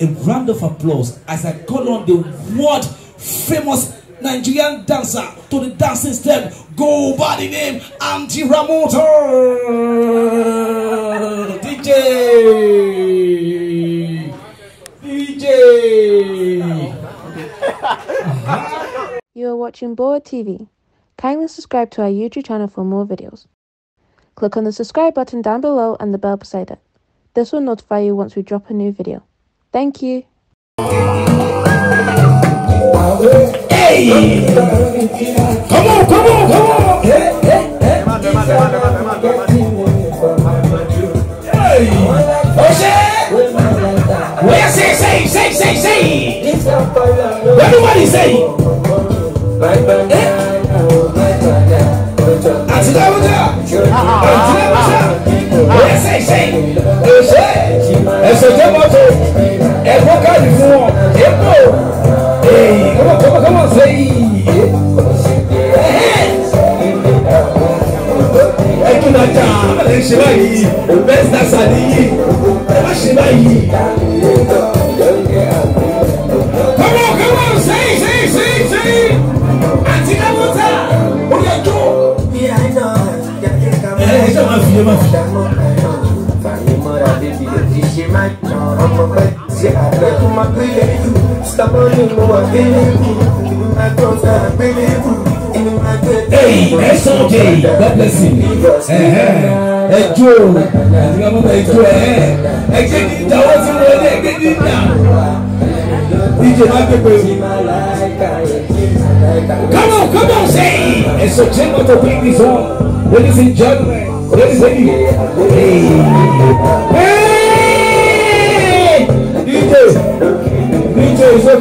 a round of applause as I call on the world famous Nigerian dancer to the dancing step. Go by the name Anti Ramoto DJ DJ. you are watching Boa TV. Kindly subscribe to our YouTube channel for more videos. Click on the subscribe button down below and the bell beside it. This will notify you once we drop a new video. Thank you. Hey! Come on, come on, come on! Hey, hey, hey. Come on, come on, come on, come Bye bye, bye bye. Oye! Oye, say, say, say, say, say! Everybody say! Come on, come on, say, say, say, say. kọ́mọ̀ Siapa tu magbelebu Staboni mo wà gbelebu Ìlú máa tó ń ta gbelebu Ìlú máa tó ń ta gbelebu. Hey, SOJ, God bless you. Ẹjọ́ ẹ̀dùnmọ́tò ẹjọ́ ẹ̀ ẹ̀jẹ̀ ní ìjà wọ́n ti wọlé ẹ̀jẹ̀ ní ìjà. DJ máa gbẹgbẹ o. Come on, come on, say. Ẹ̀sọ̀ jẹ́ mọ́tò pé ìgbìsọ̀. Ladies and gentlemen, ladies and gentlemen.